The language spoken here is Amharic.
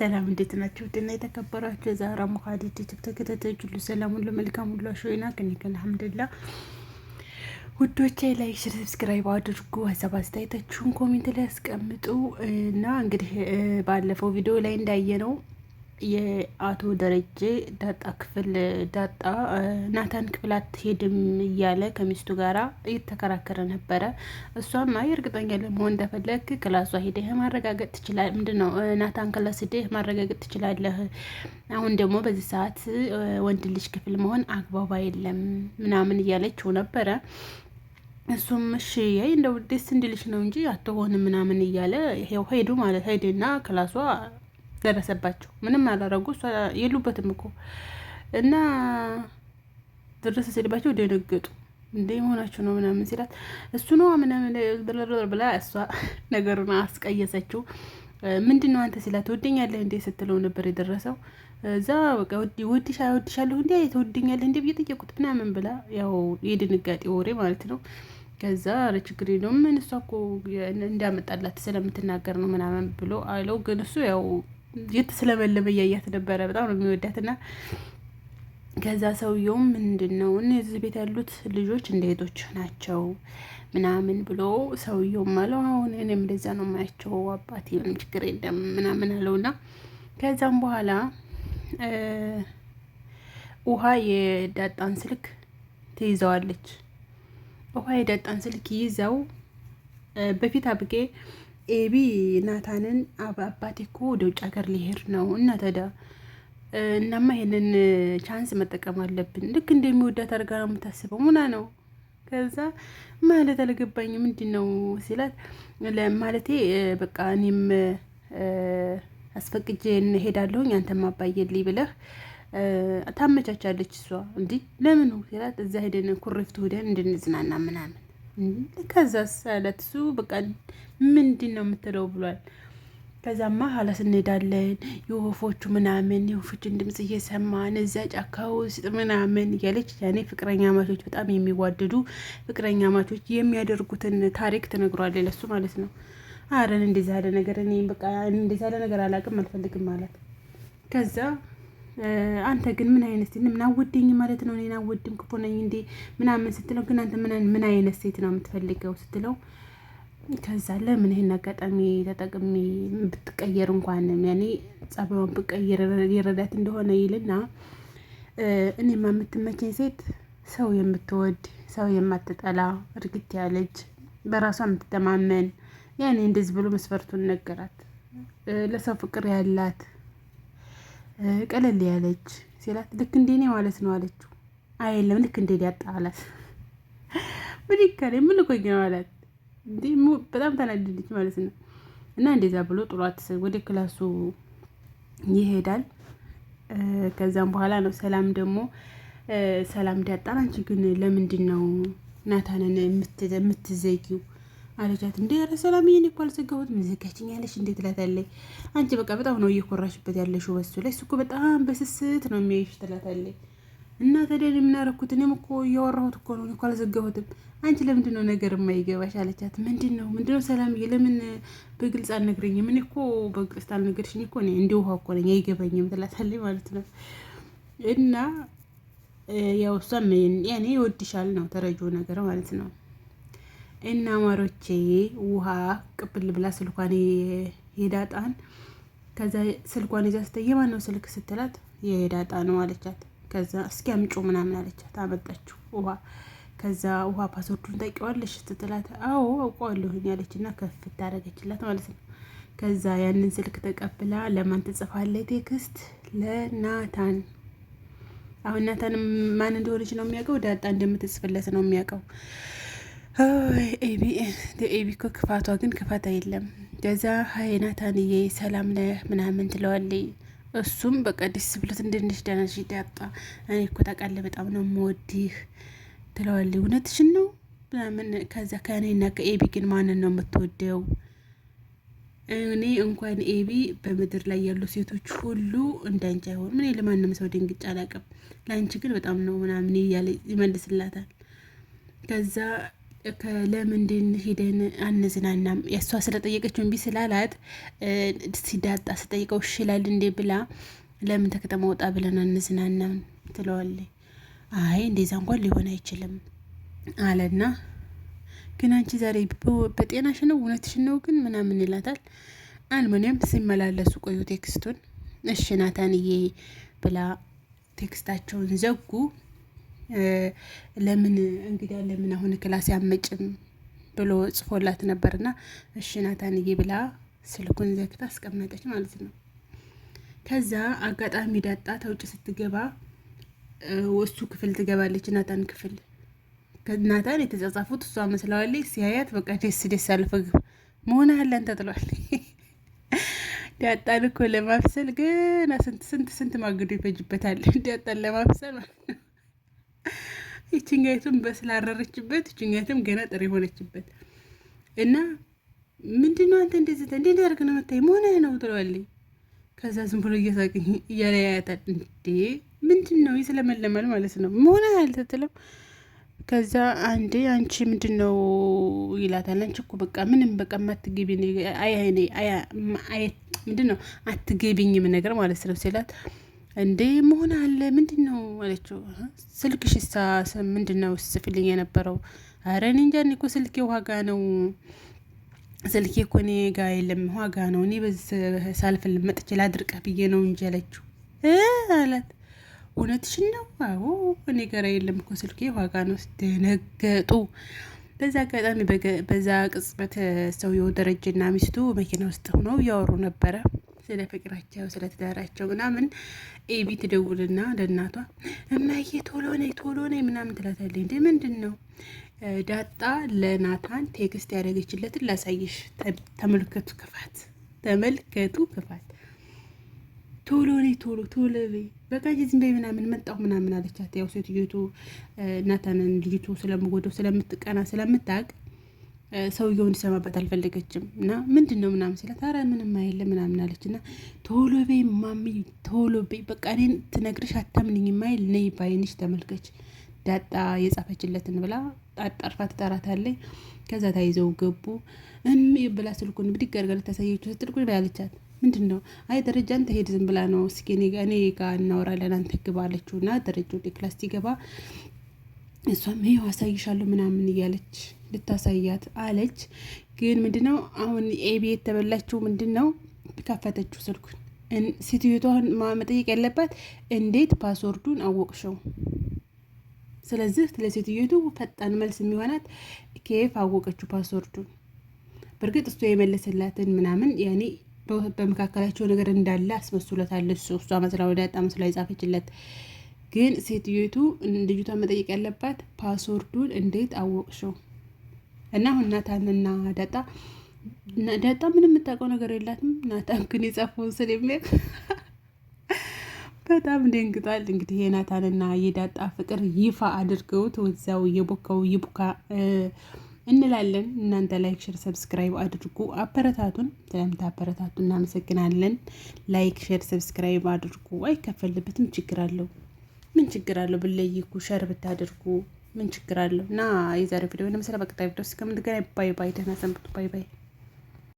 ሰላም እንዴት ናችሁ? ውድና የተከበራችሁ የዛራ ሙካዲ ዩቲዩብ ተከታታዮች ሁሉ ሰላም ሁሉ መልካም ሁሉ አሾይና ከኔክ አልሐምዱላ። ውዶቼ ላይክ፣ ሽር፣ ሰብስክራይብ አድርጉ። ሀሳብ አስተያየታችሁን ኮሜንት ላይ ያስቀምጡ እና እንግዲህ ባለፈው ቪዲዮ ላይ እንዳየ ነው የአቶ ደረጀ ዳጣ ክፍል ዳጣ ናታን ክፍል አትሄድም እያለ ከሚስቱ ጋራ እየተከራከረ ነበረ። እሷም አይ እርግጠኛ ለመሆን እንደፈለግ ክላሷ ሄደህ ማረጋገጥ ትችላለህ። ምንድን ነው ናታን ክላስ ሄደህ ማረጋገጥ ትችላለህ። አሁን ደግሞ በዚህ ሰዓት ወንድ ልጅ ክፍል መሆን አግባባ የለም ምናምን እያለችው ነበረ። እሱም እሺ ይ እንደው ደስ እንዲልሽ ነው እንጂ አትሆንም ምናምን እያለ ሄዱ ማለት ሄድና ክላሷ ደረሰባቸው። ምንም አላረጉ የሉበትም እኮ እና ደረሰ ሲልባቸው ደነገጡ። እንደ መሆናቸው ነው ምናምን ሲላት እሱ ነው ምናምን ብላ እሷ ነገሩን አስቀየሰችው። ምንድን ነው አንተ ሲላት ትወደኛለህ እንዴ ስትለው ነበር የደረሰው። እዛ በቃ ወድሻለሁ እንዲ ትወደኛለህ እንዴ ብዬ ጠየቁት ምናምን ብላ ያው የድንጋጤ ወሬ ማለት ነው። ከዛ ኧረ ችግር የለውም ምን እሷ እኮ እንዳመጣላት ስለምትናገር ነው ምናምን ብሎ አለው። ግን እሱ ያው የት የተስለመለመ እያያት ነበረ። በጣም ነው የሚወዳት እና ከዛ ሰውየውም ምንድን ነው እነዚህ ቤት ያሉት ልጆች እንደ ሄዶች ናቸው ምናምን ብሎ ሰውየውም አለው አሁን እኔም እንደዛ ነው የማያቸው አባቴ ምንም ችግር የለም ምናምን አለው እና ከዛም በኋላ ውሃ የዳጣን ስልክ ትይዘዋለች። ውሃ የዳጣን ስልክ ይዘው በፊት አብጌ ኤቢ ናታንን አባቴ እኮ ወደ ውጭ ሀገር ሊሄድ ነው እና እናማ ይሄንን ቻንስ መጠቀም አለብን። ልክ እንደሚወዳት አድርጋ ነው የምታስበው ሙና ነው። ከዛ ማለት አልገባኝ ምንድን ነው ሲላት ማለቴ በቃ እኔም አስፈቅጄ እንሄዳለሁኝ አንተም አባየልኝ ብለህ ታመቻቻለች እሷ። እንዲህ ለምን ሲላት እዛ ሄደን ኩሪፍቱ ሄደን እንድንዝናና ምናምን ከዛ ሳለት እሱ በቃ ምንድን ነው የምትለው ብሏል። ከዛማ ኋላስ እንሄዳለን የወፎቹ ምናምን የወፎችን ድምጽ እየሰማን እዛ ጫካ ውስጥ ምናምን እያለች ያኔ ፍቅረኛ ማቾች በጣም የሚዋደዱ ፍቅረኛ ማቾች የሚያደርጉትን ታሪክ ትነግሯለች ለሱ ማለት ነው። አረን እንደዚህ ያለ ነገር እኔ በቃ እንደዚህ ያለ ነገር አላውቅም አልፈልግም አላት። ከዛ አንተ ግን ምን አይነት ምን አወደኝ ማለት ነው? እኔን አወድም ክፉ ነኝ እንዴ ምናምን ስትለው፣ ግን አንተ ምን አይነት ሴት ነው የምትፈልገው ስትለው፣ ከዛ ለምን ይህን አጋጣሚ ተጠቅሜ ብትቀየር እንኳን ያኔ ጸባዋን ብቀየር ይረዳት እንደሆነ ይልና እኔማ የምትመቸኝ ሴት ሰው የምትወድ ሰው የማትጠላ እርግት ያለች በራሷ የምትተማመን ያኔ እንደዚህ ብሎ መስፈርቱን ነገራት። ለሰው ፍቅር ያላት ቀለል ያለች ሲላት ልክ እንደኔ ማለት ነው አለችው። አየለም ልክ እንደኔ ያጣ ምን ይካል ምን ኮኝ ነው አላት። እንዴ በጣም ተናደደች ማለት ነው። እና እንደዛ ብሎ ጥሯት ወደ ክላሱ ይሄዳል። ከዛም በኋላ ነው ሰላም ደግሞ ሰላም ዳጣን አንቺ ግን ለምንድን ነው ናታንን የምትዘጊው? አለቻት። እንደ ኧረ ሰላምዬ እኔ እኮ አልዘጋሁትም ዘጋችኝ ያለሽ እንዴት ትላታለች። አንቺ በቃ በጣም ነው እየኮራሽበት ያለሽው በሱ ላይ እሱ እኮ በጣም በስስት ነው የሚያይሽ ትላታለች። እና ታዲያ የምናረኩት እኔም እኮ እያወራሁት እኮ ነው እኮ አልዘጋሁትም። አንቺ ለምንድን ነው ነገር የማይገባሽ አለቻት። ምንድን ነው ምንድን ነው ሰላምዬ ለምን በግልጽ አልነግረኝም? እኔ እኮ በግልጽ አልነገርሽኝ እኮ እኔ እንደ ውሃ እኮ ነኝ አይገባኝም ትላታለች ማለት ነው እና ያው እሷም ያኔ ይወድሻል ነው ተረጂው ነገር ማለት ነው። እና ማሮቼ ውሃ ቅብል ብላ ስልኳን የዳጣን ከዛ ስልኳን ይዛ ስታይ የማነው ስልክ ስትላት የዳጣ ነው አለቻት። ከዛ እስኪ አምጪ ምናምን አለቻት። አመጣችው ውሃ ከዛ ውሃ ፓስወርዱን ታውቂዋለሽ ስትላት አዎ አውቀዋለሁኝ አለች እና ከፍ ታደረገችላት ማለት ነው። ከዛ ያንን ስልክ ተቀብላ ለማን ትጽፋለች ቴክስት ለናታን አሁን ናታን ማን እንደሆነች ነው የሚያውቀው ዳጣ እንደምትጽፍለት ነው የሚያውቀው ኤቢ ኤቢ እኮ ክፋቷ ግን ክፋት የለም። ከዛ ሀይናታንዬ ሰላም ነህ ምናምን ትለዋለይ። እሱም በቃ ደስ ብሎት እንደንሽ ዳናሽ ዳጣ እኔ እኮ ታውቃለህ በጣም ነው የምወድህ ትለዋለይ። እውነትሽን ነው ምናምን ከዛ ከእኔና ከኤቢ ግን ማንን ነው የምትወደው? እኔ እንኳን ኤቢ በምድር ላይ ያሉ ሴቶች ሁሉ እንዳንቺ አይሆን። ምን ለማንም ሰው ድንግጭ አላውቅም፣ ለአንቺ ግን በጣም ነው ምናምን እያለ ይመልስላታል። ከዛ ለምንድን ሂደን አንዝናናም? እሷ ስለጠየቀችው እምቢ ስላላት ሲዳጣ ስጠይቀው ሽላል እንዴ ብላ ለምን ተከተማ ወጣ ብለን አንዝናናም ትለዋለች። አይ እንደዛ እንኳን ሊሆን አይችልም አለና ግን አንቺ ዛሬ በጤናሽ ነው እውነትሽ ነው ግን ምናምን ይላታል። አልሞኒየም ሲመላለሱ ቆዩ ቴክስቱን። እሽ ናታንዬ ብላ ቴክስታቸውን ዘጉ። ለምን እንግዳ ለምን አሁን ክላስ ያመጭም ብሎ ጽፎላት ነበርና እሺ ናታንዬ ብላ ስልኩን ዘግታ አስቀመጠች ማለት ነው። ከዛ አጋጣሚ ዳጣ ተውጭ ስትገባ እሱ ክፍል ትገባለች፣ ናታን ክፍል ናታን የተጻጻፉት እሷ መስለዋለች። ሲያያት በቃ ደስ ደስ አልፈግ መሆን አለን ተጥሏል። ዳጣን እኮ ለማፍሰል ግን ስንት ስንት ስንት ማግዶ ይፈጅበታል ዳጣን ለማፍሰል ማለት ነው። ይችኛይቱም በስላረረችበት ይችኛይቱም ገና ጥሬ ሆነችበት እና ምንድን ነው አንተ እንደዚህ እንዴ ያደርግ ነው መታይ መሆነ ነው ትለዋለኝ። ከዛ ዝም ብሎ እየሳቅኝ እያለ ያያታል። እንዴ ምንድን ነው ይስለመለማል ማለት ነው መሆነ አልተትለም። ከዛ አንዴ አንቺ ምንድን ነው ይላታል። አንቺ እኮ በቃ ምንም በቃ ማትገቢ ምንድን ነው አትገቢኝም ነገር ማለት ነው ሲላት እንዴ መሆን አለ ምንድን ነው አለችው። ስልክሽ ሳ ምንድን ነው ስጽፍልኝ የነበረው? አረ እኔ እንጃ እኔ እኮ ስልኬ ዋጋ ነው ስልኬ እኮ እኔ ጋ የለም ዋጋ ነው። እኔ በዚህ ሳልፍ ልመጥቼ ላድርቅህ ብዬ ነው እንጂ አለችው አላት። እውነትሽን ነው? አዎ እኔ ጋር የለም እኮ ስልኬ ዋጋ ነው። ስደነገጡ በዛ አጋጣሚ በዛ ቅጽበት ሰውየው ደረጀና ሚስቱ መኪና ውስጥ ሆነው እያወሩ ነበረ። ስለ ፍቅራቸው ስለ ትዳራቸው ምናምን ኤቢ ትደውልና ለእናቷ እማዬ ቶሎ ነይ ቶሎ ነይ ምናምን ትላታለች። እንዴ ምንድን ነው ዳጣ ለናታን ቴክስት ያደረገችለትን ላሳይሽ። ተመልከቱ ክፋት፣ ተመልከቱ ክፋት። ቶሎ ነይ ቶሎ ቶሎ በይ በቃ ዝም በይ ምናምን መጣሁ ምናምን አለቻት። ያው ሴትዮቱ ናታንን ልጅቱ ስለምጎደው ስለምትቀና ስለምታቅ ሰውየው እንዲሰማበት አልፈለገችም እና ምንድን ነው ምናምን ሲላት ኧረ ምንም አይደለም ምናምን አለች እና ቶሎ በይ ማሚ ቶሎ በይ በቃ እኔን ትነግርሽ አታምንኝ ማይል ነይ ባይንሽ ተመልከች ዳጣ የጻፈችለትን ብላ አጣርፋ ትጠራታለች ከዛ ታይዘው ገቡ እም ብላ ስልኩን ብድግ አድርጋ ልታሳየችው ስትል ቁጭ ብላለቻት ምንድን ነው አይ ደረጃ አንተ ሄድ ዝም ብላ ነው እስኪ እኔ ጋ እናወራለን አንተ ግባ አለችው እና ደረጃ ወደ ክላስ ሲገባ እሷም ይኸው አሳይሻለሁ ምናምን እያለች ልታሳያት አለች። ግን ምንድን ነው አሁን ኤቢ የተበላችው ምንድን ነው ከፈተችው ስልኩን ሴትዮቷን መጠየቅ ያለባት እንዴት ፓስወርዱን አወቅሽው? ስለዚህ ለሴትዮቱ ፈጣን መልስ የሚሆናት ኬፍ አወቀችው ፓስወርዱን። በእርግጥ እሱ የመለሰላትን ምናምን ያኔ በመካከላቸው ነገር እንዳለ አስመስሎታለች። እሷ መስላ ወደ ያጣ መስላ የጻፈችለት። ግን ሴትዮቱ ልጅቷን መጠየቅ ያለባት ፓስወርዱን እንዴት አወቅሽው እና አሁን ናታንና ዳጣ ዳጣ ምንም የምታውቀው ነገር የላትም። ናታን ግን የጻፈውን ስለሚያውቅ በጣም ደንግጧል። እንግዲህ የናታንና የዳጣ ፍቅር ይፋ አድርገውት ወዛው የቦካው ይቡካ እንላለን። እናንተ ላይክ፣ ሼር፣ ሰብስክራይብ አድርጉ። አበረታቱን። ስለምታ አበረታቱ እናመሰግናለን። ላይክ፣ ሼር፣ ሰብስክራይብ አድርጉ። አይከፈልበትም። ችግር አለው ምን ችግር አለው? ብለይኩ ሸር ብታደርጉ ምን ችግር አለው? እና የዛሬው ቪዲዮ ለምሳሌ በቀጣይ ቪዲዮ እስከምንገናኝ ባይ ባይ፣ ደህና ሰንብቱ። ባይ ባይ።